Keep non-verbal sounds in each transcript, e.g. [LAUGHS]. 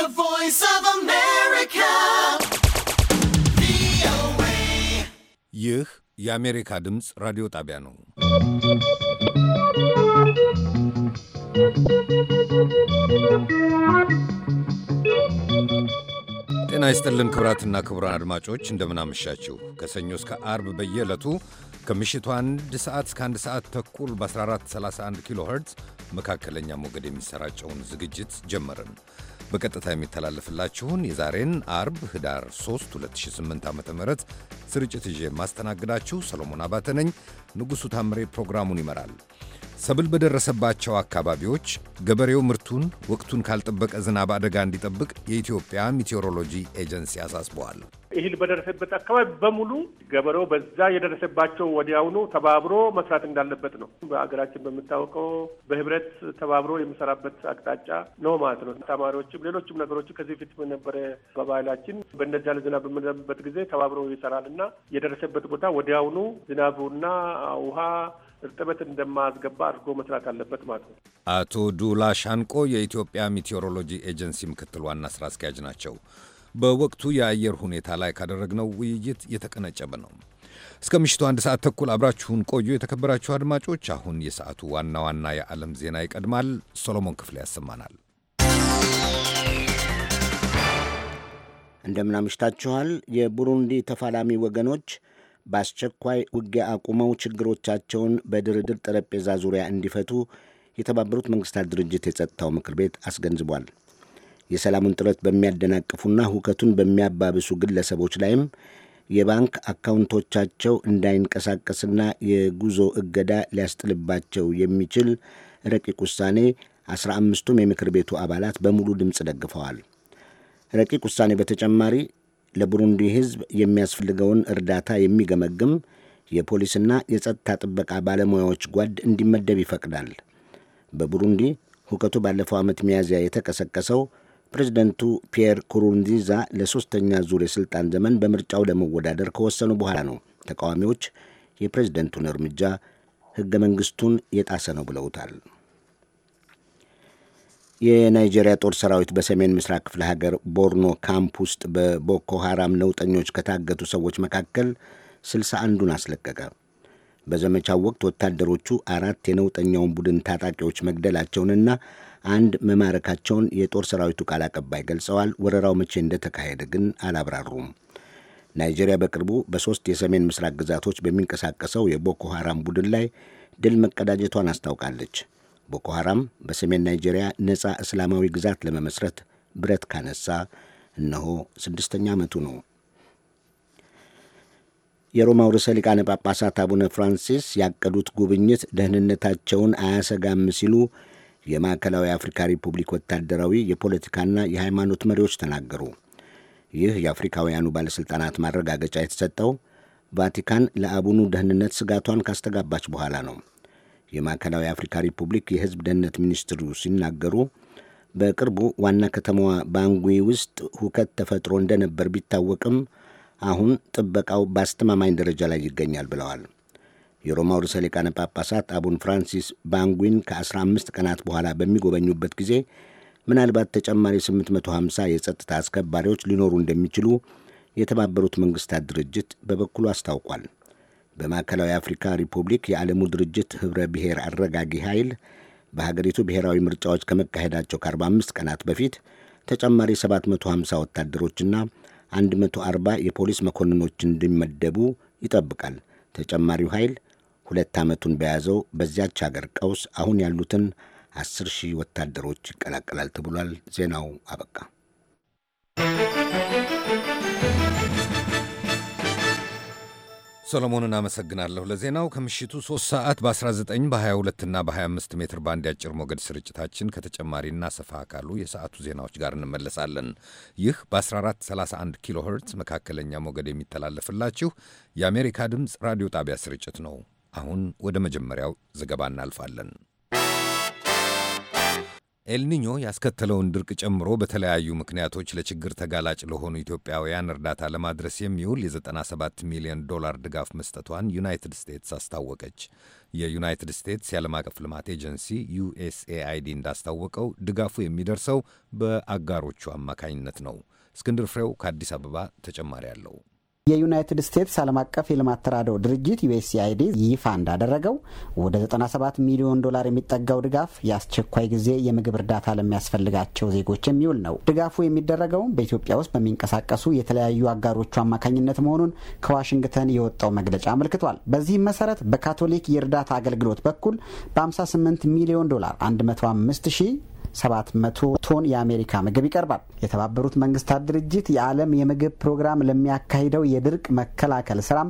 The Voice of America. ይህ የአሜሪካ ድምፅ ራዲዮ ጣቢያ ነው። ጤና ይስጥልን ክቡራትና ክቡራን አድማጮች እንደምናመሻችሁ። ከሰኞ እስከ አርብ በየዕለቱ ከምሽቱ አንድ ሰዓት እስከ አንድ ሰዓት ተኩል በ1431 ኪሎ ኸርትዝ መካከለኛ ሞገድ የሚሰራጨውን ዝግጅት ጀመርን። በቀጥታ የሚተላለፍላችሁን የዛሬን አርብ ህዳር 3 2008 ዓ ም ስርጭት ይዤ የማስተናግዳችሁ ሰሎሞን አባተ ነኝ። ንጉሡ ታምሬ ፕሮግራሙን ይመራል። ሰብል በደረሰባቸው አካባቢዎች ገበሬው ምርቱን ወቅቱን ካልጠበቀ ዝናብ አደጋ እንዲጠብቅ የኢትዮጵያ ሚቴዎሮሎጂ ኤጀንሲ አሳስበዋል። እህል በደረሰበት አካባቢ በሙሉ ገበሬው በዛ የደረሰባቸው ወዲያውኑ ተባብሮ መስራት እንዳለበት ነው። በሀገራችን በምታወቀው በህብረት ተባብሮ የሚሰራበት አቅጣጫ ነው ማለት ነው። ተማሪዎችም ሌሎችም ነገሮች ከዚህ ፊት ነበረ። በባህላችን ያለ ዝናብ በምንዘንብበት ጊዜ ተባብሮ ይሰራል እና የደረሰበት ቦታ ወዲያውኑ ዝናቡና ውሃ እርጥበት እንደማያስገባ አድርጎ መስራት አለበት ማለት ነው። አቶ ዱላ ሻንቆ የኢትዮጵያ ሚቴዎሮሎጂ ኤጀንሲ ምክትል ዋና ስራ አስኪያጅ ናቸው። በወቅቱ የአየር ሁኔታ ላይ ካደረግነው ውይይት የተቀነጨበ ነው። እስከ ምሽቱ አንድ ሰዓት ተኩል አብራችሁን ቆዩ። የተከበራችሁ አድማጮች፣ አሁን የሰዓቱ ዋና ዋና የዓለም ዜና ይቀድማል። ሶሎሞን ክፍሌ ያሰማናል። እንደምናምሽታችኋል። የቡሩንዲ ተፋላሚ ወገኖች በአስቸኳይ ውጊያ አቁመው ችግሮቻቸውን በድርድር ጠረጴዛ ዙሪያ እንዲፈቱ የተባበሩት መንግስታት ድርጅት የጸጥታው ምክር ቤት አስገንዝቧል። የሰላሙን ጥረት በሚያደናቅፉና ሁከቱን በሚያባብሱ ግለሰቦች ላይም የባንክ አካውንቶቻቸው እንዳይንቀሳቀስና የጉዞ እገዳ ሊያስጥልባቸው የሚችል ረቂቅ ውሳኔ አስራ አምስቱም የምክር ቤቱ አባላት በሙሉ ድምፅ ደግፈዋል። ረቂቅ ውሳኔ በተጨማሪ ለቡሩንዲ ሕዝብ የሚያስፈልገውን እርዳታ የሚገመግም የፖሊስና የጸጥታ ጥበቃ ባለሙያዎች ጓድ እንዲመደብ ይፈቅዳል። በቡሩንዲ ሁከቱ ባለፈው ዓመት ሚያዝያ የተቀሰቀሰው ፕሬዚደንቱ ፒየር ኩሩንዚዛ ለሦስተኛ ዙር የሥልጣን ዘመን በምርጫው ለመወዳደር ከወሰኑ በኋላ ነው። ተቃዋሚዎች የፕሬዝደንቱን እርምጃ ሕገ መንግሥቱን የጣሰ ነው ብለውታል። የናይጄሪያ ጦር ሰራዊት በሰሜን ምስራቅ ክፍለ ሀገር ቦርኖ ካምፕ ውስጥ በቦኮ ሃራም ነውጠኞች ከታገቱ ሰዎች መካከል ስልሳ አንዱን አስለቀቀ። በዘመቻው ወቅት ወታደሮቹ አራት የነውጠኛውን ቡድን ታጣቂዎች መግደላቸውንና አንድ መማረካቸውን የጦር ሰራዊቱ ቃል አቀባይ ገልጸዋል። ወረራው መቼ እንደተካሄደ ግን አላብራሩም። ናይጄሪያ በቅርቡ በሦስት የሰሜን ምስራቅ ግዛቶች በሚንቀሳቀሰው የቦኮ ሃራም ቡድን ላይ ድል መቀዳጀቷን አስታውቃለች። ቦኮ ሐራም በሰሜን ናይጄሪያ ነፃ እስላማዊ ግዛት ለመመስረት ብረት ካነሳ እነሆ ስድስተኛ ዓመቱ ነው። የሮማው ርዕሰ ሊቃነ ጳጳሳት አቡነ ፍራንሲስ ያቀዱት ጉብኝት ደህንነታቸውን አያሰጋም ሲሉ የማዕከላዊ አፍሪካ ሪፑብሊክ ወታደራዊ የፖለቲካና የሃይማኖት መሪዎች ተናገሩ። ይህ የአፍሪካውያኑ ባለሥልጣናት ማረጋገጫ የተሰጠው ቫቲካን ለአቡኑ ደህንነት ስጋቷን ካስተጋባች በኋላ ነው። የማዕከላዊ አፍሪካ ሪፑብሊክ የህዝብ ደህንነት ሚኒስትሩ ሲናገሩ በቅርቡ ዋና ከተማዋ ባንጉ ውስጥ ሁከት ተፈጥሮ እንደነበር ቢታወቅም አሁን ጥበቃው በአስተማማኝ ደረጃ ላይ ይገኛል ብለዋል። የሮማው ርዕሰ ሊቃነ ጳጳሳት አቡን ፍራንሲስ ባንጉን ከ15 ቀናት በኋላ በሚጎበኙበት ጊዜ ምናልባት ተጨማሪ 850 የጸጥታ አስከባሪዎች ሊኖሩ እንደሚችሉ የተባበሩት መንግስታት ድርጅት በበኩሉ አስታውቋል። በማዕከላዊ አፍሪካ ሪፑብሊክ የዓለሙ ድርጅት ኅብረ ብሔር አረጋጊ ኃይል በሀገሪቱ ብሔራዊ ምርጫዎች ከመካሄዳቸው ከ45 ቀናት በፊት ተጨማሪ 750 ወታደሮችና 140 የፖሊስ መኮንኖች እንዲመደቡ ይጠብቃል። ተጨማሪው ኃይል ሁለት ዓመቱን በያዘው በዚያች ሀገር ቀውስ አሁን ያሉትን 10 ሺህ ወታደሮች ይቀላቀላል ተብሏል። ዜናው አበቃ። ሰሎሞንን አመሰግናለሁ ለዜናው። ከምሽቱ 3 ሰዓት በ19 በ22 እና በ25 ሜትር ባንድ ያጭር ሞገድ ስርጭታችን ከተጨማሪና ሰፋ ካሉ የሰዓቱ ዜናዎች ጋር እንመለሳለን። ይህ በ1431 ኪሎ ኸርትዝ መካከለኛ ሞገድ የሚተላለፍላችሁ የአሜሪካ ድምፅ ራዲዮ ጣቢያ ስርጭት ነው። አሁን ወደ መጀመሪያው ዘገባ እናልፋለን። ኤልኒኞ ያስከተለውን ድርቅ ጨምሮ በተለያዩ ምክንያቶች ለችግር ተጋላጭ ለሆኑ ኢትዮጵያውያን እርዳታ ለማድረስ የሚውል የ97 ሚሊዮን ዶላር ድጋፍ መስጠቷን ዩናይትድ ስቴትስ አስታወቀች። የዩናይትድ ስቴትስ የዓለም አቀፍ ልማት ኤጀንሲ ዩኤስኤአይዲ እንዳስታወቀው ድጋፉ የሚደርሰው በአጋሮቹ አማካኝነት ነው። እስክንድር ፍሬው ከአዲስ አበባ ተጨማሪ አለው። የዩናይትድ ስቴትስ ዓለም አቀፍ የልማት ተራድኦ ድርጅት ዩኤስኤአይዲ ይፋ እንዳደረገው ወደ 97 ሚሊዮን ዶላር የሚጠጋው ድጋፍ የአስቸኳይ ጊዜ የምግብ እርዳታ ለሚያስፈልጋቸው ዜጎች የሚውል ነው። ድጋፉ የሚደረገውም በኢትዮጵያ ውስጥ በሚንቀሳቀሱ የተለያዩ አጋሮቹ አማካኝነት መሆኑን ከዋሽንግተን የወጣው መግለጫ አመልክቷል። በዚህም መሰረት በካቶሊክ የእርዳታ አገልግሎት በኩል በ58 ሚሊዮን ዶላር 105 ሺህ 700 ቶን የአሜሪካ ምግብ ይቀርባል። የተባበሩት መንግስታት ድርጅት የዓለም የምግብ ፕሮግራም ለሚያካሂደው የድርቅ መከላከል ስራም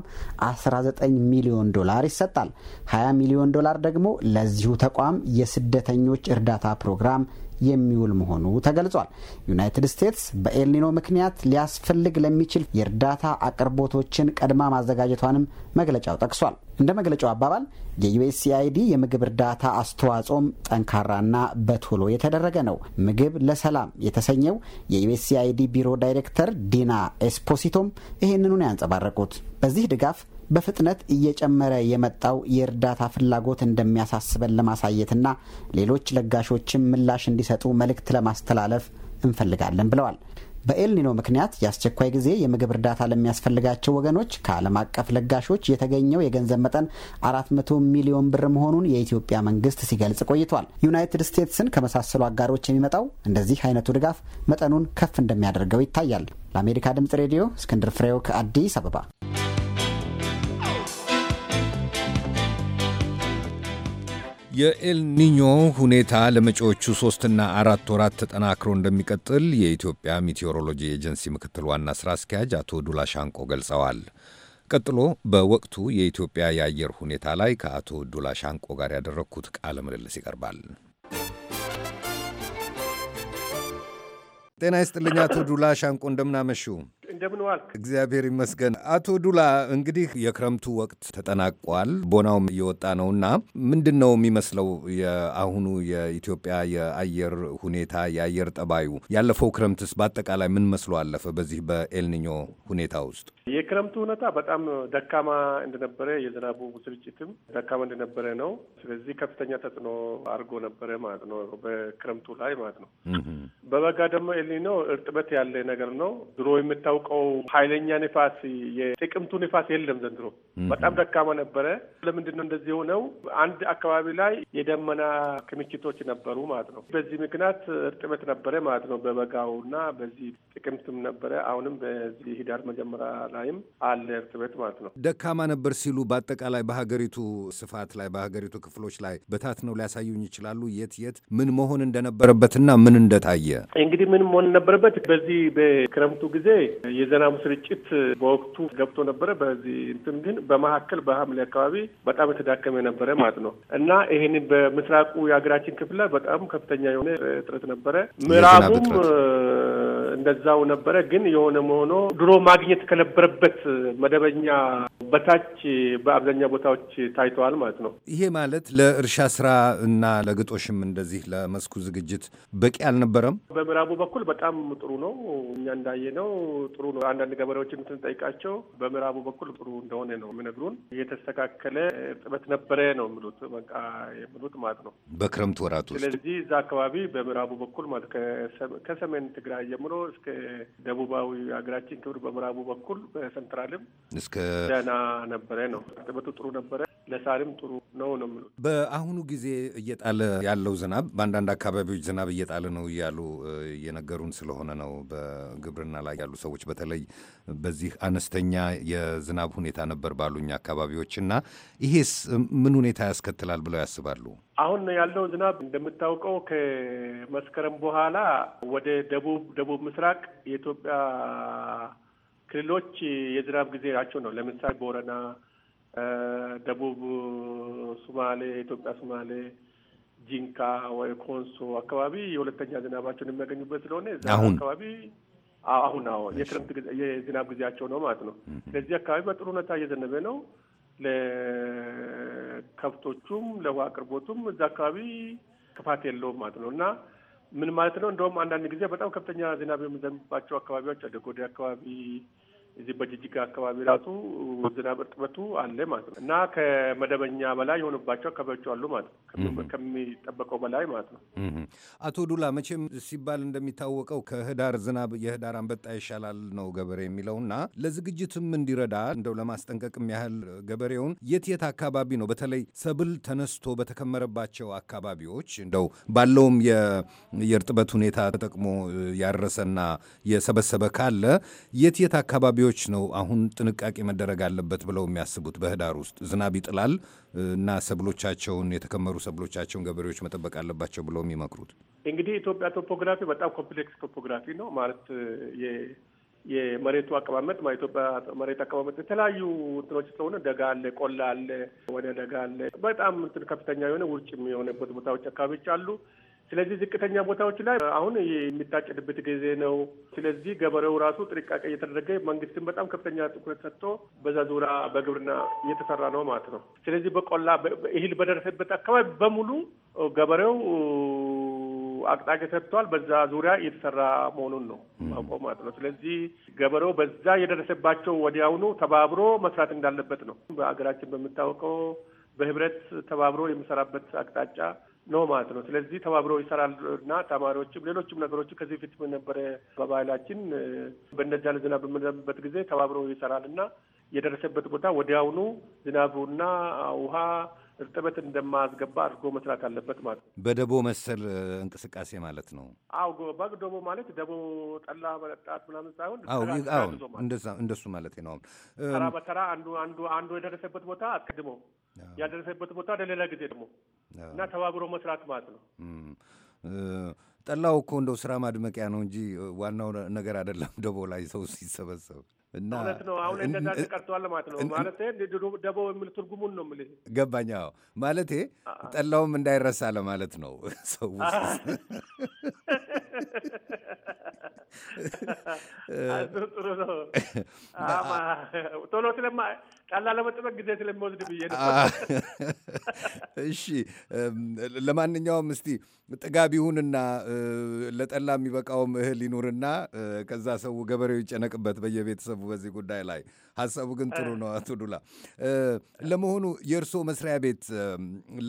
19 ሚሊዮን ዶላር ይሰጣል። 20 ሚሊዮን ዶላር ደግሞ ለዚሁ ተቋም የስደተኞች እርዳታ ፕሮግራም የሚውል መሆኑ ተገልጿል። ዩናይትድ ስቴትስ በኤልኒኖ ምክንያት ሊያስፈልግ ለሚችል የእርዳታ አቅርቦቶችን ቀድማ ማዘጋጀቷንም መግለጫው ጠቅሷል። እንደ መግለጫው አባባል የዩኤስኤአይዲ የምግብ እርዳታ አስተዋጽኦም ጠንካራና በቶሎ የተደረገ ነው። ምግብ ለሰላም የተሰኘው የዩኤስኤአይዲ ቢሮ ዳይሬክተር ዲና ኤስፖሲቶም ይህንኑን ያንጸባረቁት በዚህ ድጋፍ በፍጥነት እየጨመረ የመጣው የእርዳታ ፍላጎት እንደሚያሳስበን ለማሳየትና ሌሎች ለጋሾችም ምላሽ እንዲሰጡ መልእክት ለማስተላለፍ እንፈልጋለን ብለዋል። በኤልኒኖ ምክንያት የአስቸኳይ ጊዜ የምግብ እርዳታ ለሚያስፈልጋቸው ወገኖች ከዓለም አቀፍ ለጋሾች የተገኘው የገንዘብ መጠን 400 ሚሊዮን ብር መሆኑን የኢትዮጵያ መንግስት ሲገልጽ ቆይቷል። ዩናይትድ ስቴትስን ከመሳሰሉ አጋሮች የሚመጣው እንደዚህ አይነቱ ድጋፍ መጠኑን ከፍ እንደሚያደርገው ይታያል። ለአሜሪካ ድምጽ ሬዲዮ እስክንድር ፍሬው ከአዲስ አበባ የኤልኒኞ ሁኔታ ለመጪዎቹ ሶስትና አራት ወራት ተጠናክሮ እንደሚቀጥል የኢትዮጵያ ሚቴዎሮሎጂ ኤጀንሲ ምክትል ዋና ሥራ አስኪያጅ አቶ ዱላ ሻንቆ ገልጸዋል። ቀጥሎ በወቅቱ የኢትዮጵያ የአየር ሁኔታ ላይ ከአቶ ዱላ ሻንቆ ጋር ያደረግኩት ቃለ ምልልስ ይቀርባል። ጤና ይስጥልኝ አቶ ዱላ ሻንቆ እንደምናመሹ እንደምን ዋልክ? እግዚአብሔር ይመስገን። አቶ ዱላ እንግዲህ የክረምቱ ወቅት ተጠናቋል፣ ቦናውም እየወጣ ነውና ምንድን ነው የሚመስለው የአሁኑ የኢትዮጵያ የአየር ሁኔታ የአየር ጠባዩ? ያለፈው ክረምትስ በአጠቃላይ ምን መስሎ አለፈ? በዚህ በኤልኒኞ ሁኔታ ውስጥ የክረምቱ ሁኔታ በጣም ደካማ እንደነበረ የዝናቡ ስርጭትም ደካማ እንደነበረ ነው። ስለዚህ ከፍተኛ ተጽዕኖ አድርጎ ነበረ ማለት ነው በክረምቱ ላይ ማለት ነው። በበጋ ደግሞ ኤልኒኖ እርጥበት ያለ ነገር ነው ድሮ የምታው እንደምታውቀው ኃይለኛ ንፋስ የጥቅምቱ ንፋስ የለም ዘንድሮ በጣም ደካማ ነበረ። ለምንድን ነው እንደዚህ የሆነው? አንድ አካባቢ ላይ የደመና ክምችቶች ነበሩ ማለት ነው። በዚህ ምክንያት እርጥበት ነበረ ማለት ነው። በበጋው እና በዚህ ጥቅምትም ነበረ። አሁንም በዚህ ህዳር መጀመሪያ ላይም አለ እርጥበት ማለት ነው። ደካማ ነበር ሲሉ በአጠቃላይ በሀገሪቱ ስፋት ላይ በሀገሪቱ ክፍሎች ላይ በታት ነው ሊያሳዩኝ ይችላሉ? የት የት ምን መሆን እንደነበረበትና ምን እንደታየ እንግዲህ ምን መሆን ነበረበት በዚህ በክረምቱ ጊዜ የዘናቡ ስርጭት በወቅቱ ገብቶ ነበረ። በዚህ እንትን ግን በመካከል በሐምሌ አካባቢ በጣም የተዳከመ የነበረ ማለት ነው እና ይህን በምስራቁ የሀገራችን ክፍል ላይ በጣም ከፍተኛ የሆነ እጥረት ነበረ ምዕራቡም እንደዛው ነበረ። ግን የሆነ መሆኖ ድሮ ማግኘት ከነበረበት መደበኛ በታች በአብዛኛ ቦታዎች ታይተዋል ማለት ነው። ይሄ ማለት ለእርሻ ስራ እና ለግጦሽም እንደዚህ ለመስኩ ዝግጅት በቂ አልነበረም። በምዕራቡ በኩል በጣም ጥሩ ነው። እኛ እንዳየ ነው ጥሩ ነው። አንዳንድ ገበሬዎችን ስንጠይቃቸው በምዕራቡ በኩል ጥሩ እንደሆነ ነው የሚነግሩን። የተስተካከለ እርጥበት ነበረ ነው የሚሉት በቃ የሚሉት ማለት ነው በክረምት ወራት ውስጥ። ስለዚህ እዛ አካባቢ በምዕራቡ በኩል ማለት ከሰሜን ትግራይ ጀምሮ እስከ ደቡባዊ ሀገራችን ክብር በምዕራቡ በኩል በሰንትራልም እስከ ደህና ነበረ ነው። እርጥበቱ ጥሩ ነበረ። ለሳርም ጥሩ ነው ነው የምሉት። በአሁኑ ጊዜ እየጣለ ያለው ዝናብ በአንዳንድ አካባቢዎች ዝናብ እየጣለ ነው እያሉ እየነገሩን ስለሆነ ነው በግብርና ላይ ያሉ ሰዎች በተለይ በዚህ አነስተኛ የዝናብ ሁኔታ ነበር ባሉኝ አካባቢዎች እና ይሄስ ምን ሁኔታ ያስከትላል ብለው ያስባሉ? አሁን ያለው ዝናብ እንደምታውቀው ከመስከረም በኋላ ወደ ደቡብ ደቡብ ምስራቅ የኢትዮጵያ ክልሎች የዝናብ ናቸው ነው። ለምሳሌ ቦረና ደቡብ ሱማሌ፣ ኢትዮጵያ ሱማሌ፣ ጂንካ ወይ ኮንሶ አካባቢ የሁለተኛ ዝናባቸውን የሚያገኙበት ስለሆነ እዛ አካባቢ አሁን አዎ የክረምት የዝናብ ጊዜያቸው ነው ማለት ነው። ስለዚህ አካባቢ በጥሩ ሁኔታ እየዘነበ ነው። ለከብቶቹም ለውሃ አቅርቦቱም እዛ አካባቢ ክፋት የለውም ማለት ነው እና ምን ማለት ነው? እንደውም አንዳንድ ጊዜ በጣም ከፍተኛ ዝናብ የሚዘንባቸው አካባቢዎች አለ። አካባቢ እዚህ በጅጅጋ አካባቢ ራሱ ዝናብ እርጥበቱ አለ ማለት ነው እና ከመደበኛ በላይ የሆኑባቸው አካባቢዎች አሉ ማለት ነው፣ ከሚጠበቀው በላይ ማለት ነው። አቶ ዱላ መቼም ሲባል እንደሚታወቀው ከህዳር ዝናብ የህዳር አንበጣ ይሻላል ነው ገበሬ የሚለውና ለዝግጅትም እንዲረዳ እንደው ለማስጠንቀቅም ያህል ገበሬውን የት የት አካባቢ ነው በተለይ ሰብል ተነስቶ በተከመረባቸው አካባቢዎች እንደው ባለውም የእርጥበት ሁኔታ ተጠቅሞ ያረሰና የሰበሰበ ካለ የት የት አካባቢዎች ገበሬዎች ነው አሁን ጥንቃቄ መደረግ አለበት ብለው የሚያስቡት? በህዳር ውስጥ ዝናብ ይጥላል እና ሰብሎቻቸውን የተከመሩ ሰብሎቻቸውን ገበሬዎች መጠበቅ አለባቸው ብለው የሚመክሩት? እንግዲህ ኢትዮጵያ ቶፖግራፊ በጣም ኮምፕሌክስ ቶፖግራፊ ነው ማለት የመሬቱ አቀማመጥ ኢትዮጵያ መሬት አቀማመጥ የተለያዩ እንትኖች ስለሆነ ደጋ አለ፣ ቆላ አለ፣ ወደ ደጋ አለ። በጣም እንትን ከፍተኛ የሆነ ውርጭ የሆነበት ቦታዎች አካባቢዎች አሉ። ስለዚህ ዝቅተኛ ቦታዎች ላይ አሁን የሚታጨድበት ጊዜ ነው። ስለዚህ ገበሬው ራሱ ጥንቃቄ እየተደረገ መንግስትን በጣም ከፍተኛ ትኩረት ሰጥቶ በዛ ዙሪያ በግብርና እየተሰራ ነው ማለት ነው። ስለዚህ በቆላ እህል በደረሰበት አካባቢ በሙሉ ገበሬው አቅጣጫ ሰጥቷል። በዛ ዙሪያ እየተሰራ መሆኑን ነው ማውቀው ማለት ነው። ስለዚህ ገበሬው በዛ የደረሰባቸው ወዲያውኑ ተባብሮ መስራት እንዳለበት ነው በሀገራችን በሚታወቀው በህብረት ተባብሮ የሚሰራበት አቅጣጫ ነው ማለት ነው። ስለዚህ ተባብሮ ይሰራል እና ተማሪዎችም ሌሎችም ነገሮች ከዚህ በፊት በነበረ በባህላችን በእነዚያ ዝናብ በምንዘንብበት ጊዜ ተባብሮ ይሰራል እና የደረሰበት ቦታ ወዲያውኑ ዝናቡና ውሃ እርጥበት እንደማያስገባ አድርጎ መስራት አለበት ማለት ነው። በደቦ መሰል እንቅስቃሴ ማለት ነው። አው በግ ደቦ ማለት ደቦ ጠላ መጠጣት ምናምን ሳይሆን አው እንደሱ ማለት ነው። ተራ በተራ አንዱ አንዱ አንዱ የደረሰበት ቦታ አስቀድሞ ያደረሰበት ቦታ ለሌላ ጊዜ ደግሞ እና ተባብሮ መስራት ማለት ነው። ጠላው እኮ እንደው ስራ ማድመቂያ ነው እንጂ ዋናው ነገር አይደለም። ደቦ ላይ ሰው ሲሰበሰብ እና ማለት ነው። አሁን እንደዛ ቀርተዋል ማለት ነው። ማለቴ ደቦ የሚል ትርጉሙን ነው የምልህ። ገባኝ። አዎ ማለቴ ጠላውም እንዳይረሳ ለማለት ነው። ሰው ጥሩ ነው ቶሎ ስለማ ጠላ ለመጠበቅ ጊዜ ስለሚወስድ ብዬ ነው። [LAUGHS] እሺ፣ ለማንኛውም እስቲ ጥጋብ ይሁንና ለጠላ የሚበቃውም እህል ይኑርና ከዛ ሰው ገበሬው ይጨነቅበት በየቤተሰቡ በዚህ ጉዳይ ላይ። ሀሳቡ ግን ጥሩ ነው። አቶ ዱላ፣ ለመሆኑ የእርስዎ መስሪያ ቤት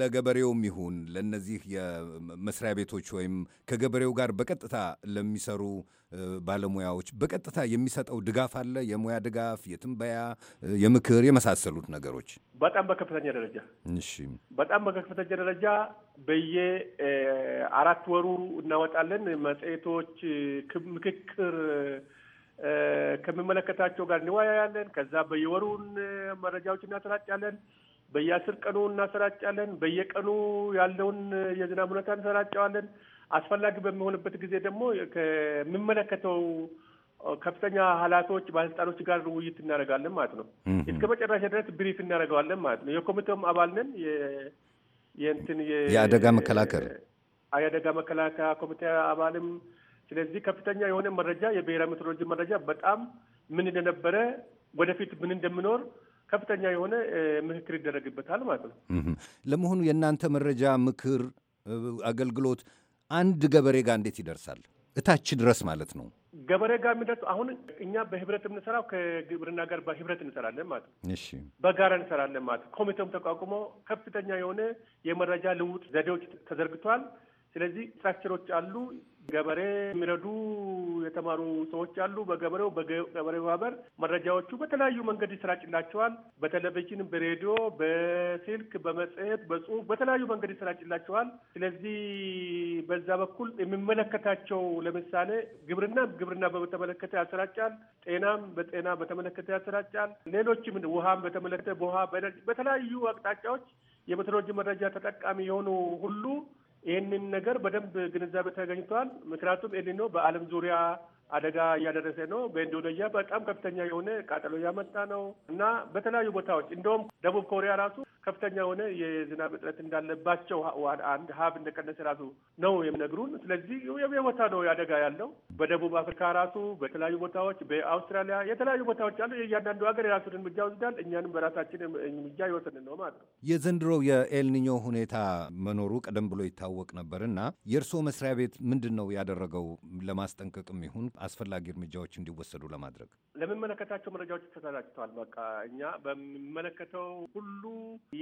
ለገበሬውም ይሁን ለእነዚህ የመስሪያ ቤቶች ወይም ከገበሬው ጋር በቀጥታ ለሚሰሩ ባለሙያዎች በቀጥታ የሚሰጠው ድጋፍ አለ? የሙያ ድጋፍ፣ የትንበያ፣ የምክር የመሳሰሉት ነገሮች በጣም በከፍተኛ ደረጃ እሺ፣ በጣም በከፍተኛ ደረጃ በየ አራት ወሩ እናወጣለን መጽሔቶች፣ ምክክር ከሚመለከታቸው ጋር እንወያያለን። ከዛ በየወሩን መረጃዎች እናሰራጫለን። በየአስር ቀኑ እናሰራጫለን። በየቀኑ ያለውን የዝናብ ሁኔታ እንሰራጨዋለን። አስፈላጊ በሚሆንበት ጊዜ ደግሞ ከሚመለከተው ከፍተኛ ኃላፊዎች ባለስልጣኖች ጋር ውይይት እናደርጋለን ማለት ነው። እስከ መጨረሻ ድረስ ብሪፍ እናደርገዋለን ማለት ነው። የኮሚቴውም አባል ነን። የእንትን የአደጋ መከላከል የአደጋ መከላከያ ኮሚቴ አባልም። ስለዚህ ከፍተኛ የሆነ መረጃ የብሔራዊ ሜትሮሎጂ መረጃ በጣም ምን እንደነበረ ወደፊት ምን እንደሚኖር ከፍተኛ የሆነ ምክክር ይደረግበታል ማለት ነው። ለመሆኑ የእናንተ መረጃ ምክር አገልግሎት አንድ ገበሬ ጋር እንዴት ይደርሳል? እታች ድረስ ማለት ነው። ገበሬ ጋር የሚደርሱ አሁን እኛ በህብረት የምንሰራው ከግብርና ጋር በህብረት እንሰራለን ማለት ነው። እሺ በጋራ እንሰራለን ማለት ኮሚቴውም ተቋቁሞ ከፍተኛ የሆነ የመረጃ ልውጥ ዘዴዎች ተዘርግቷል። ስለዚህ ስትራክቸሮች አሉ። ገበሬ የሚረዱ የተማሩ ሰዎች አሉ። በገበሬው በገበሬ ማህበር መረጃዎቹ በተለያዩ መንገድ ይሰራጭላቸዋል። በቴሌቪዥን፣ በሬዲዮ፣ በስልክ፣ በመጽሔት፣ በጽሁፍ በተለያዩ መንገድ ይሰራጭላቸዋል። ስለዚህ በዛ በኩል የሚመለከታቸው ለምሳሌ ግብርና ግብርና በተመለከተ ያሰራጫል። ጤናም በጤና በተመለከተ ያሰራጫል። ሌሎችም ውሃም በተመለከተ በውሃ በተለያዩ አቅጣጫዎች የሜትሮሎጂ መረጃ ተጠቃሚ የሆኑ ሁሉ ይህንን ነገር በደንብ ግንዛቤ ተገኝቷል። ምክንያቱም ኤልኒኖ በዓለም ዙሪያ አደጋ እያደረሰ ነው። በኢንዶኔዥያ በጣም ከፍተኛ የሆነ ቃጠሎ እያመጣ ነው እና በተለያዩ ቦታዎች እንደውም ደቡብ ኮሪያ ራሱ ከፍተኛ የሆነ የዝናብ እጥረት እንዳለባቸው አንድ ሀብ እንደቀነሰ ራሱ ነው የሚነግሩን። ስለዚህ የቦታ ነው አደጋ ያለው በደቡብ አፍሪካ ራሱ በተለያዩ ቦታዎች በአውስትራሊያ የተለያዩ ቦታዎች አሉ። እያንዳንዱ ሀገር የራሱን እርምጃ ወስዳል። እኛንም በራሳችን እርምጃ የወሰድን ነው ማለት ነው። የዘንድሮው የኤልኒኞ ሁኔታ መኖሩ ቀደም ብሎ ይታወቅ ነበር እና የእርስዎ መስሪያ ቤት ምንድን ነው ያደረገው ለማስጠንቀቅም ይሁን አስፈላጊ እርምጃዎች እንዲወሰዱ ለማድረግ? ለምመለከታቸው መረጃዎች ተሰራጭተዋል። በቃ እኛ በሚመለከተው ሁሉ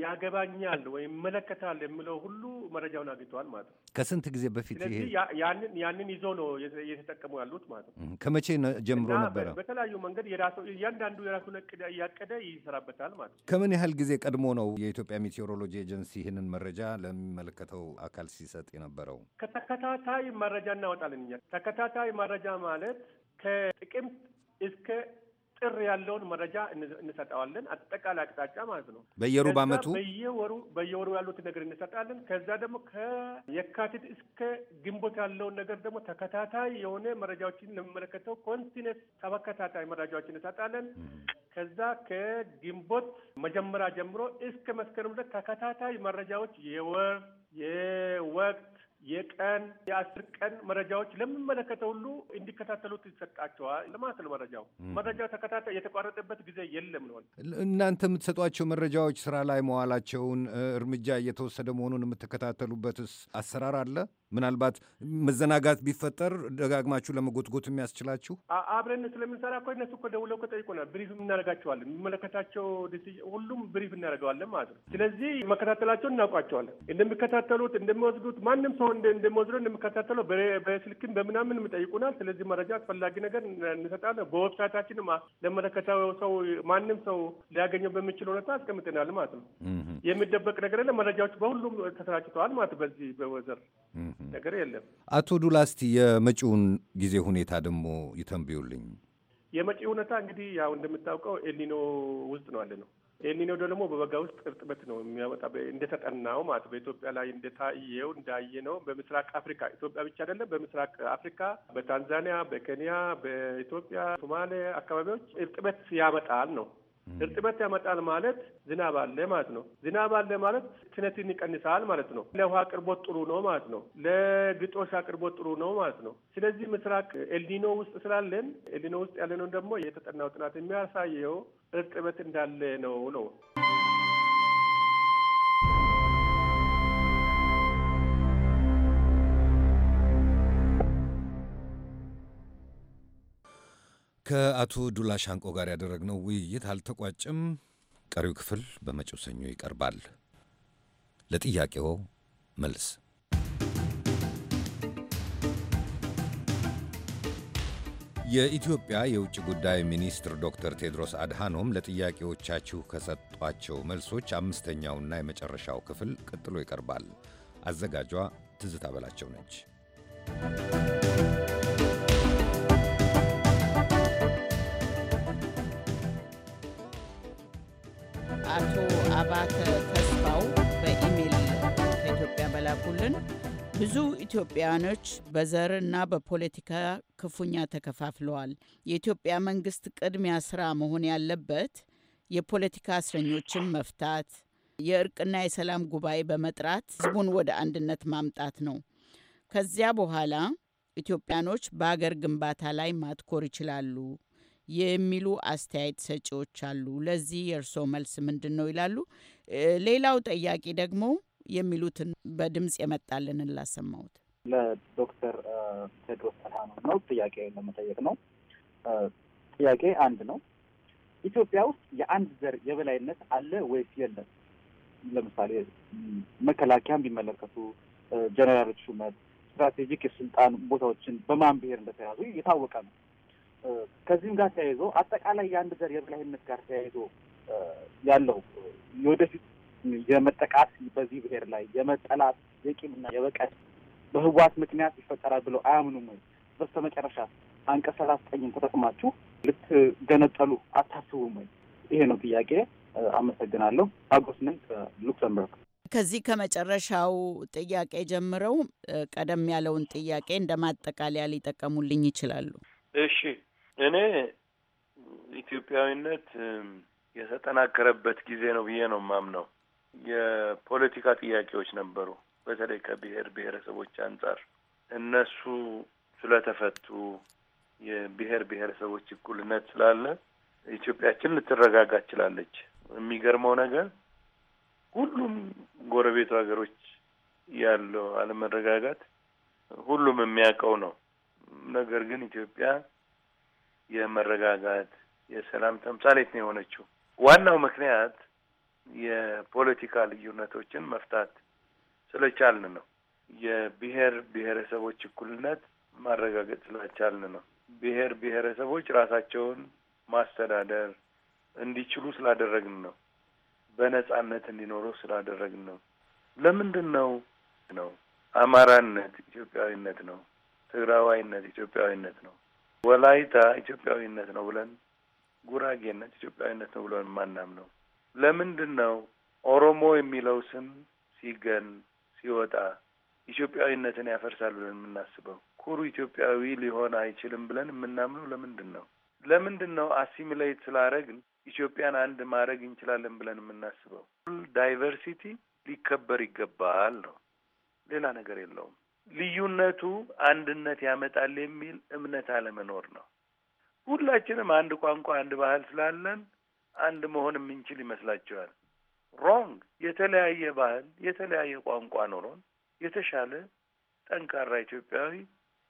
ያገባኛል ወይም ይመለከታል የምለው ሁሉ መረጃውን አግኝተዋል ማለት ነው። ከስንት ጊዜ በፊት ይሄ ያንን ያንን ይዞ ነው እየተጠቀሙ ያሉት ማለት ነው። ከመቼ ጀምሮ ነበረ? በተለያዩ መንገድ የራሱ እያንዳንዱ የራሱን እቅድ እያቀደ ይሰራበታል ማለት ነው። ከምን ያህል ጊዜ ቀድሞ ነው የኢትዮጵያ ሜቴዎሮሎጂ ኤጀንሲ ይህንን መረጃ ለሚመለከተው አካል ሲሰጥ የነበረው? ከተከታታይ መረጃ እናወጣለን እኛ። ተከታታይ መረጃ ማለት ከጥቅምት እስከ ጥር ያለውን መረጃ እንሰጠዋለን። አጠቃላይ አቅጣጫ ማለት ነው። በየሩብ ዓመቱ በየወሩ በየወሩ ያሉት ነገር እንሰጣለን። ከዛ ደግሞ ከየካቲት እስከ ግንቦት ያለውን ነገር ደግሞ ተከታታይ የሆነ መረጃዎችን ለሚመለከተው ኮንቲነስ ተከታታይ መረጃዎችን እንሰጣለን። ከዛ ከግንቦት መጀመሪያ ጀምሮ እስከ መስከረም ድረስ ተከታታይ መረጃዎች የወር የወቅት የቀን የአስር ቀን መረጃዎች ለሚመለከተው ሁሉ እንዲከታተሉት ይሰጣቸዋል ለማለት ነው። መረጃው መረጃው ተከታተ የተቋረጠበት ጊዜ የለም ነው። እናንተ የምትሰጧቸው መረጃዎች ስራ ላይ መዋላቸውን እርምጃ እየተወሰደ መሆኑን የምትከታተሉበትስ አሰራር አለ? ምናልባት መዘናጋት ቢፈጠር ደጋግማችሁ ለመጎትጎት የሚያስችላችሁ አብረን ስለምንሰራ እኮ እነሱ እኮ ደውለው ጠይቆናል። ብሪፍ እናደርጋቸዋለን። የሚመለከታቸው ሁሉም ብሪፍ እናደርገዋለን ማለት ነው። ስለዚህ መከታተላቸውን እናውቋቸዋለን። እንደሚከታተሉት እንደሚወስዱት፣ ማንም ሰው እንደሚወስዱ እንደሚከታተለው በስልክም በምናምን ጠይቁናል። ስለዚህ መረጃ አስፈላጊ ነገር እንሰጣለን። በዌብሳይታችን ለመለከተው ሰው ማንም ሰው ሊያገኘው በሚችል ሁኔታ አስቀምጠናል ማለት ነው። የሚደበቅ ነገር ለ መረጃዎች በሁሉም ተሰራጭተዋል ማለት በዚህ በወዘር ነገር የለም። አቶ ዱላስቲ የመጪውን ጊዜ ሁኔታ ደግሞ ይተንብዩልኝ። የመጪ ሁኔታ እንግዲህ ያው እንደምታውቀው ኤልኒኖ ውስጥ ነው ያለ ነው። ኤልኒኖ ደግሞ በበጋ ውስጥ እርጥበት ነው የሚያመጣ እንደተጠናው ማለት በኢትዮጵያ ላይ እንደታየው እንዳየ ነው። በምስራቅ አፍሪካ ኢትዮጵያ ብቻ አይደለም፣ በምስራቅ አፍሪካ በታንዛኒያ፣ በኬንያ፣ በኢትዮጵያ፣ ሶማሌ አካባቢዎች እርጥበት ያመጣል ነው እርጥበት ያመጣል ማለት ዝናብ አለ ማለት ነው። ዝናብ አለ ማለት ትነትን ይቀንሳል ማለት ነው። ለውሃ አቅርቦት ጥሩ ነው ማለት ነው። ለግጦሽ አቅርቦት ጥሩ ነው ማለት ነው። ስለዚህ ምስራቅ ኤልኒኖ ውስጥ ስላለን ኤልኒኖ ውስጥ ያለነው ደግሞ የተጠናው ጥናት የሚያሳየው እርጥበት እንዳለ ነው ነው ከአቶ ዱላ ሻንቆ ጋር ያደረግነው ውይይት አልተቋጭም። ቀሪው ክፍል በመጪው ሰኞ ይቀርባል። ለጥያቄው መልስ የኢትዮጵያ የውጭ ጉዳይ ሚኒስትር ዶክተር ቴድሮስ አድሃኖም ለጥያቄዎቻችሁ ከሰጧቸው መልሶች አምስተኛውና የመጨረሻው ክፍል ቀጥሎ ይቀርባል። አዘጋጇ ትዝታ በላቸው ነች። አቶ አባተ ተስፋው በኢሜይል ከኢትዮጵያ በላኩልን ብዙ ኢትዮጵያውያኖች በዘርና በፖለቲካ ክፉኛ ተከፋፍለዋል። የኢትዮጵያ መንግስት ቅድሚያ ስራ መሆን ያለበት የፖለቲካ እስረኞችን መፍታት፣ የእርቅና የሰላም ጉባኤ በመጥራት ህዝቡን ወደ አንድነት ማምጣት ነው። ከዚያ በኋላ ኢትዮጵያኖች በአገር ግንባታ ላይ ማትኮር ይችላሉ የሚሉ አስተያየት ሰጪዎች አሉ። ለዚህ የእርስዎ መልስ ምንድን ነው ይላሉ። ሌላው ጠያቂ ደግሞ የሚሉትን በድምፅ የመጣልን ላሰማሁት። ለዶክተር ቴድሮስ ተድሃኖ ነው ጥያቄ ለመጠየቅ ነው። ጥያቄ አንድ ነው። ኢትዮጵያ ውስጥ የአንድ ዘር የበላይነት አለ ወይስ የለም? ለምሳሌ መከላከያን ቢመለከቱ ጀነራሎች ሹመት፣ ስትራቴጂክ የስልጣን ቦታዎችን በማን ብሔር እንደተያዙ እየታወቀ ነው። ከዚህም ጋር ተያይዞ አጠቃላይ የአንድ ዘር የበላይነት ጋር ተያይዞ ያለው የወደፊት የመጠቃት በዚህ ብሔር ላይ የመጠላት የቂምና የበቀል በህወሓት ምክንያት ይፈጠራል ብለው አያምኑም ወይ? በስተ መጨረሻ አንቀጽ ሰላሳ ዘጠኝን ተጠቅማችሁ ልትገነጠሉ አታስቡም ወይ? ይሄ ነው ጥያቄ። አመሰግናለሁ። አጎስ ነኝ ከሉክሰምበርግ። ከዚህ ከመጨረሻው ጥያቄ ጀምረው ቀደም ያለውን ጥያቄ እንደ ማጠቃለያ ሊጠቀሙልኝ ይችላሉ። እሺ እኔ ኢትዮጵያዊነት የተጠናከረበት ጊዜ ነው ብዬ ነው የማምነው። የፖለቲካ ጥያቄዎች ነበሩ፣ በተለይ ከብሔር ብሔረሰቦች አንጻር እነሱ ስለተፈቱ የብሔር ብሔረሰቦች እኩልነት ስላለ ኢትዮጵያችን ልትረጋጋ ችላለች። የሚገርመው ነገር ሁሉም ጎረቤቱ ሀገሮች ያለው አለመረጋጋት ሁሉም የሚያውቀው ነው። ነገር ግን ኢትዮጵያ የመረጋጋት የሰላም ተምሳሌት ነው የሆነችው። ዋናው ምክንያት የፖለቲካ ልዩነቶችን መፍታት ስለቻልን ነው። የብሔር ብሔረሰቦች እኩልነት ማረጋገጥ ስላቻልን ነው። ብሔር ብሔረሰቦች ራሳቸውን ማስተዳደር እንዲችሉ ስላደረግን ነው። በነጻነት እንዲኖሩ ስላደረግን ነው። ለምንድን ነው ነው አማራነት ኢትዮጵያዊነት ነው። ትግራዋይነት ኢትዮጵያዊነት ነው። ወላይታ ኢትዮጵያዊነት ነው ብለን ጉራጌነት ኢትዮጵያዊነት ነው ብለን የማናምነው ለምንድን ነው? ኦሮሞ የሚለው ስም ሲገን ሲወጣ ኢትዮጵያዊነትን ያፈርሳል ብለን የምናስበው ኩሩ ኢትዮጵያዊ ሊሆን አይችልም ብለን የምናምነው ለምንድን ነው? ለምንድን ነው አሲሚሌት ስላረግን ኢትዮጵያን አንድ ማድረግ እንችላለን ብለን የምናስበው? ዳይቨርሲቲ ሊከበር ይገባል ነው፣ ሌላ ነገር የለውም። ልዩነቱ አንድነት ያመጣል የሚል እምነት አለመኖር ነው። ሁላችንም አንድ ቋንቋ፣ አንድ ባህል ስላለን አንድ መሆን የምንችል ይመስላቸዋል። ሮንግ። የተለያየ ባህል፣ የተለያየ ቋንቋ ኖሮን የተሻለ ጠንካራ ኢትዮጵያዊ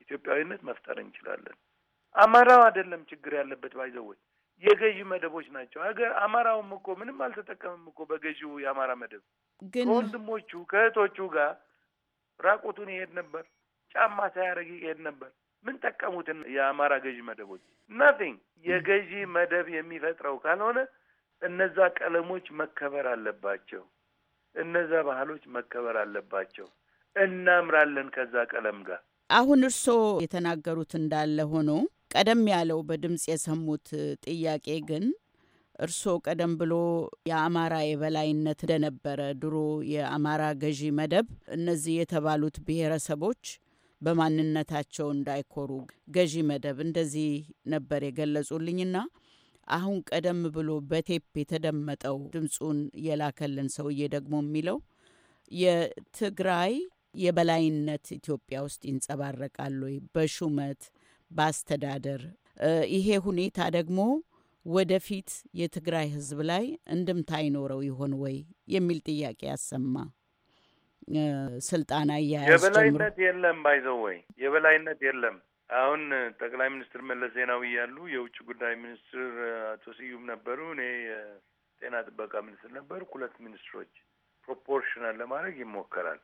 ኢትዮጵያዊነት መፍጠር እንችላለን። አማራው አይደለም ችግር ያለበት ባይዘዎች የገዢ መደቦች ናቸው። ሀገር አማራውም እኮ ምንም አልተጠቀምም እኮ በገዢው የአማራ መደብ ከወንድሞቹ ከእህቶቹ ጋር ራቁቱን ይሄድ ነበር። ጫማ ሳያደርግ ይሄድ ነበር። ምን ጠቀሙት? የአማራ ገዢ መደቦች? ናቲንግ። የገዢ መደብ የሚፈጥረው ካልሆነ እነዛ ቀለሞች መከበር አለባቸው። እነዛ ባህሎች መከበር አለባቸው። እናምራለን ከዛ ቀለም ጋር። አሁን እርስዎ የተናገሩት እንዳለ ሆኖ ቀደም ያለው በድምፅ የሰሙት ጥያቄ ግን እርስዎ ቀደም ብሎ የአማራ የበላይነት እንደነበረ ድሮ የአማራ ገዢ መደብ እነዚህ የተባሉት ብሔረሰቦች በማንነታቸው እንዳይኮሩ ገዢ መደብ እንደዚህ ነበር የገለጹልኝና አሁን ቀደም ብሎ በቴፕ የተደመጠው ድምፁን የላከልን ሰውዬ ደግሞ የሚለው የትግራይ የበላይነት ኢትዮጵያ ውስጥ ይንጸባረቃል ወይ በሹመት በአስተዳደር ይሄ ሁኔታ ደግሞ ወደፊት የትግራይ ህዝብ ላይ እንድምታ ይኖረው ይሆን ወይ የሚል ጥያቄ ያሰማ። ስልጣን አያያዝ የበላይነት የለም ባይዘው ወይ የበላይነት የለም። አሁን ጠቅላይ ሚኒስትር መለስ ዜናዊ ያሉ የውጭ ጉዳይ ሚኒስትር አቶ ስዩም ነበሩ። እኔ የጤና ጥበቃ ሚኒስትር ነበሩ ሁለት ሚኒስትሮች ፕሮፖርሽናል ለማድረግ ይሞከራል።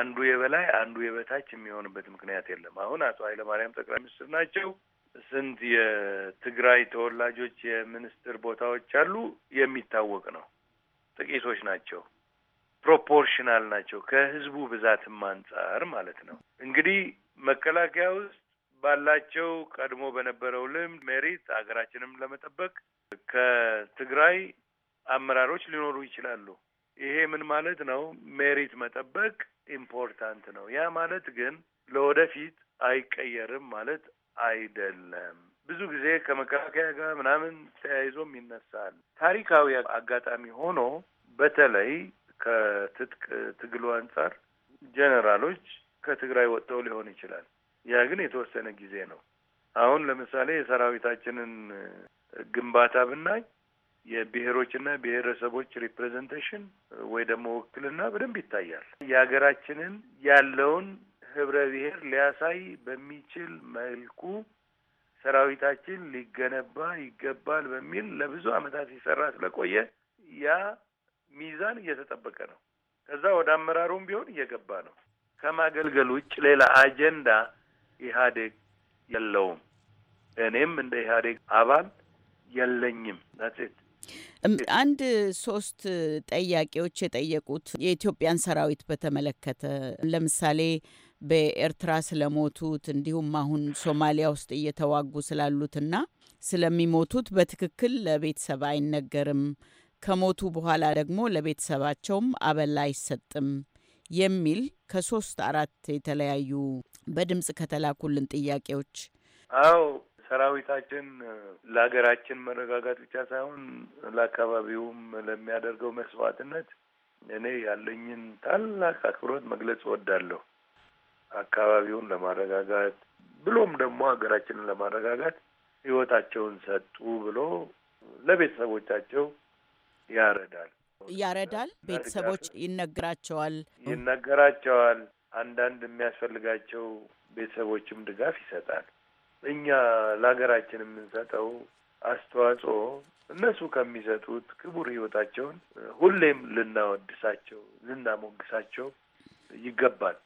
አንዱ የበላይ አንዱ የበታች የሚሆንበት ምክንያት የለም። አሁን አቶ ኃይለማርያም ጠቅላይ ሚኒስትር ናቸው። ስንት የትግራይ ተወላጆች የሚኒስትር ቦታዎች አሉ የሚታወቅ ነው። ጥቂቶች ናቸው። ፕሮፖርሽናል ናቸው ከህዝቡ ብዛትም አንጻር ማለት ነው። እንግዲህ መከላከያ ውስጥ ባላቸው ቀድሞ በነበረው ልምድ ሜሪት ሀገራችንም ለመጠበቅ ከትግራይ አመራሮች ሊኖሩ ይችላሉ። ይሄ ምን ማለት ነው? ሜሪት መጠበቅ ኢምፖርታንት ነው። ያ ማለት ግን ለወደፊት አይቀየርም ማለት አይደለም። ብዙ ጊዜ ከመከላከያ ጋር ምናምን ተያይዞም ይነሳል። ታሪካዊ አጋጣሚ ሆኖ በተለይ ከትጥቅ ትግሉ አንጻር ጀኔራሎች ከትግራይ ወጥተው ሊሆን ይችላል። ያ ግን የተወሰነ ጊዜ ነው። አሁን ለምሳሌ የሰራዊታችንን ግንባታ ብናይ የብሔሮችና ብሔረሰቦች ሪፕሬዘንቴሽን ወይ ደግሞ ውክልና በደንብ ይታያል። የሀገራችንን ያለውን ህብረ ብሔር ሊያሳይ በሚችል መልኩ ሰራዊታችን ሊገነባ ይገባል በሚል ለብዙ አመታት ሲሰራ ስለቆየ ያ ሚዛን እየተጠበቀ ነው። ከዛ ወደ አመራሩም ቢሆን እየገባ ነው። ከማገልገል ውጭ ሌላ አጀንዳ ኢህአዴግ የለውም። እኔም እንደ ኢህአዴግ አባል የለኝም። ናሴት አንድ ሶስት ጠያቂዎች የጠየቁት የኢትዮጵያን ሰራዊት በተመለከተ ለምሳሌ በኤርትራ ስለሞቱት እንዲሁም አሁን ሶማሊያ ውስጥ እየተዋጉ ስላሉትና ስለሚሞቱት በትክክል ለቤተሰብ አይነገርም። ከሞቱ በኋላ ደግሞ ለቤተሰባቸውም አበላ አይሰጥም የሚል ከሶስት አራት የተለያዩ በድምፅ ከተላኩልን ጥያቄዎች አዎ ሰራዊታችን ለሀገራችን መረጋጋት ብቻ ሳይሆን ለአካባቢውም ለሚያደርገው መስዋዕትነት እኔ ያለኝን ታላቅ አክብሮት መግለጽ እወዳለሁ። አካባቢውን ለማረጋጋት ብሎም ደግሞ ሀገራችንን ለማረጋጋት ህይወታቸውን ሰጡ ብሎ ለቤተሰቦቻቸው ያረዳል ያረዳል። ቤተሰቦች ይነግራቸዋል ይነገራቸዋል። አንዳንድ የሚያስፈልጋቸው ቤተሰቦችም ድጋፍ ይሰጣል። እኛ ለሀገራችን የምንሰጠው አስተዋጽኦ እነሱ ከሚሰጡት ክቡር ህይወታቸውን ሁሌም ልናወድሳቸው ልናሞግሳቸው ይገባል።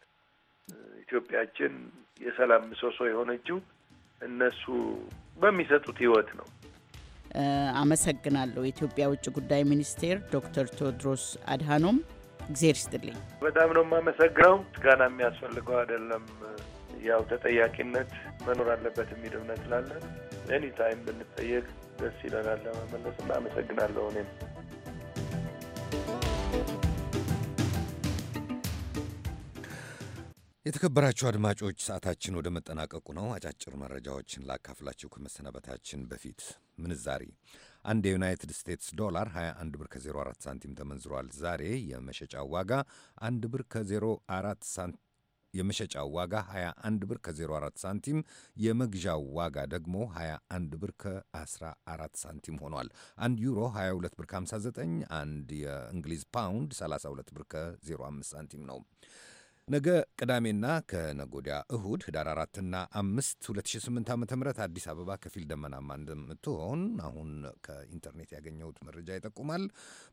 ኢትዮጵያችን የሰላም ምሰሶ የሆነችው እነሱ በሚሰጡት ህይወት ነው። አመሰግናለሁ። የኢትዮጵያ ውጭ ጉዳይ ሚኒስቴር ዶክተር ቴዎድሮስ አድሃኖም እግዜር ይስጥልኝ። በጣም ነው የማመሰግነው። ምስጋና የሚያስፈልገው አይደለም። ያው ተጠያቂነት መኖር አለበት የሚል እምነት ስላለ ኤኒ ታይም ብንጠየቅ ደስ ይለናል ለመመለስ እና አመሰግናለሁ እኔም የተከበራችሁ አድማጮች ሰዓታችን ወደ መጠናቀቁ ነው። አጫጭር መረጃዎችን ላካፍላችሁ ከመሰናበታችን በፊት ምንዛሪ አንድ የዩናይትድ ስቴትስ ዶላር 21 ብር ከ04 ሳንቲም ተመንዝሯል። ዛሬ የመሸጫ ዋጋ 1 ብር ከ04 ሳንቲም የመሸጫው ዋጋ 21 ብር ከ04 ሳንቲም የመግዣው ዋጋ ደግሞ 21 ብር ከ14 ሳንቲም ሆኗል። አንድ ዩሮ 22 ብር ከ59፣ አንድ የእንግሊዝ ፓውንድ 32 ብር ከ05 ሳንቲም ነው። ነገ ቅዳሜና ከነጎዲያ እሁድ ህዳር አራትና አምስት 2008 ዓ ም አዲስ አበባ ከፊል ደመናማ እንደምትሆን አሁን ከኢንተርኔት ያገኘሁት መረጃ ይጠቁማል።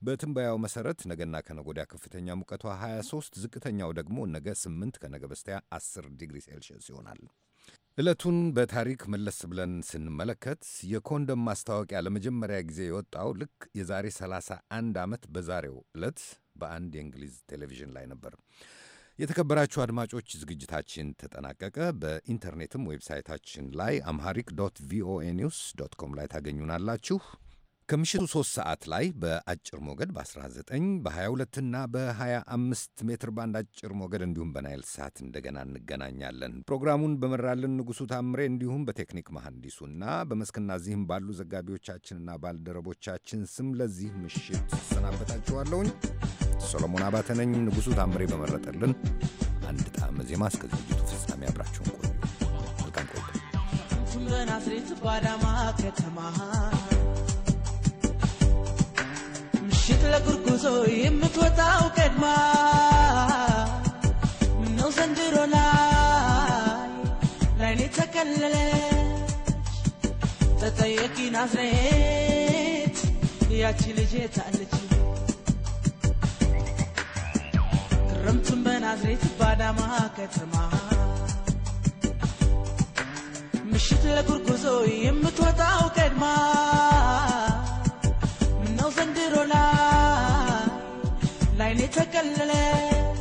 በትንበያው መሰረት ነገና ከነጎዲያ ከፍተኛ ሙቀቷ 23፣ ዝቅተኛው ደግሞ ነገ 8 ከነገ በስቲያ 10 ዲግሪ ሴልሺየስ ይሆናል። ዕለቱን በታሪክ መለስ ብለን ስንመለከት የኮንደም ማስታወቂያ ለመጀመሪያ ጊዜ የወጣው ልክ የዛሬ 31 ዓመት በዛሬው ዕለት በአንድ የእንግሊዝ ቴሌቪዥን ላይ ነበር። የተከበራችሁ አድማጮች ዝግጅታችን ተጠናቀቀ። በኢንተርኔትም ዌብሳይታችን ላይ አምሃሪክ ዶት ቪኦኤ ኒውስ ዶት ኮም ላይ ታገኙናላችሁ። ከምሽቱ 3 ሰዓት ላይ በአጭር ሞገድ በ19 በ22 እና በ25 ሜትር ባንድ አጭር ሞገድ እንዲሁም በናይል ሳት እንደገና እንገናኛለን። ፕሮግራሙን በመራልን ንጉሡ ታምሬ እንዲሁም በቴክኒክ መሐንዲሱና በመስክና እዚህም ባሉ ዘጋቢዎቻችንና ባልደረቦቻችን ስም ለዚህ ምሽት ሰናበታችኋለሁኝ። ሰሎሞን አባተ ነኝ። ንጉሡ ታምሬ በመረጠልን አንድ ጣዕመ ዜማ እስከ ዝግጅቱ ፍጻሜ አብራችሁን ቆዩ። መልካም ቆዩ። በናዝሬት ባዳማ ከተማ ምሽት ለጉርጉዞ የምትወጣው ቀድማ ምነው ዘንድሮ ላይ ላይኔ ተከለለች ተጠየቂ ናዝሬት ያቺ ልጄ ታለች ክረምቱን በናዝሬት ባዳማ ከተማ ምሽት ለጉርጉዞ የምትወጣው ቀድማ تكللت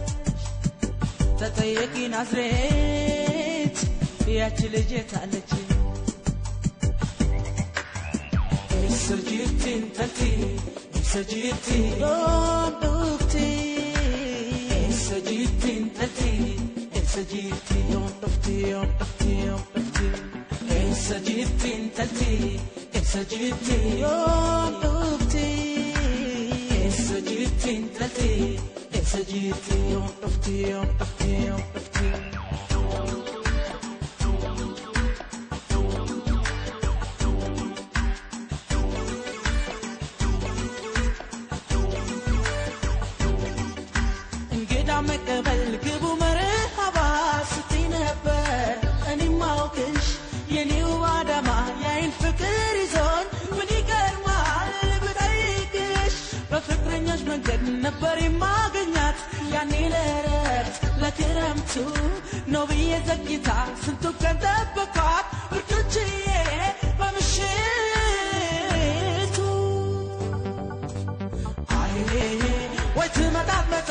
تطيقي نازريت ياك لجي تعلجي سجيتي انتلتي سجيتي يوم دوقتي سجيتي انتلتي سجيتي يوم دوقتي يوم دوقتي يوم دوقتي سجيتي انتلتي سجيتي يوم دوقتي سجيتي it is. Yes, ነበር የማገኛት ያኔ ለረፍት ለክረምቱ ነው ብዬ ዘግይታ ስንቱ ቀን ጠበኳት ብርቱችዬ በምሽቱ አይኔ ወይ ትመጣት መጣ